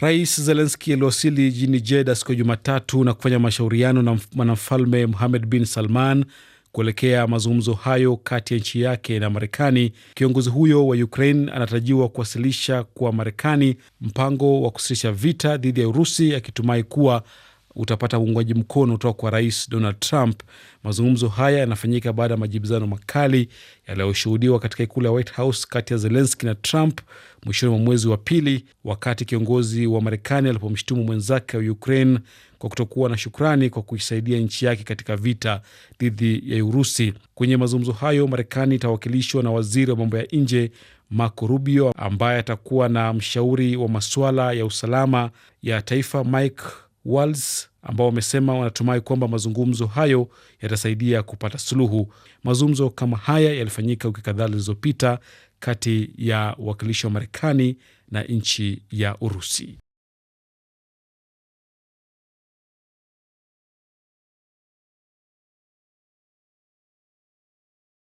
Rais Zelenski aliwasili jijini Jeda siku ya Jumatatu na kufanya mashauriano na mwanamfalme muhamed bin Salman kuelekea mazungumzo hayo kati ya nchi yake na Marekani. Kiongozi huyo wa Ukraine anatarajiwa kuwasilisha kwa Marekani mpango wa kusitisha vita dhidi ya Urusi, akitumai kuwa utapata uungwaji mkono kutoka kwa rais Donald Trump. Mazungumzo haya yanafanyika baada ya majibizano makali yaliyoshuhudiwa katika ikulu ya White House kati ya Zelenski na Trump mwishoni mwa mwezi wa pili, wakati kiongozi wa Marekani alipomshutumu mwenzake wa Ukraine kwa kutokuwa na shukrani kwa kuisaidia nchi yake katika vita dhidi ya Urusi. Kwenye mazungumzo hayo, Marekani itawakilishwa na waziri wa mambo ya nje Marco Rubio ambaye atakuwa na mshauri wa masuala ya usalama ya taifa Mike Wals ambao wamesema wanatumai kwamba mazungumzo hayo yatasaidia kupata suluhu. Mazungumzo kama haya yalifanyika wiki kadhaa zilizopita kati ya wakilishi wa Marekani na nchi ya Urusi.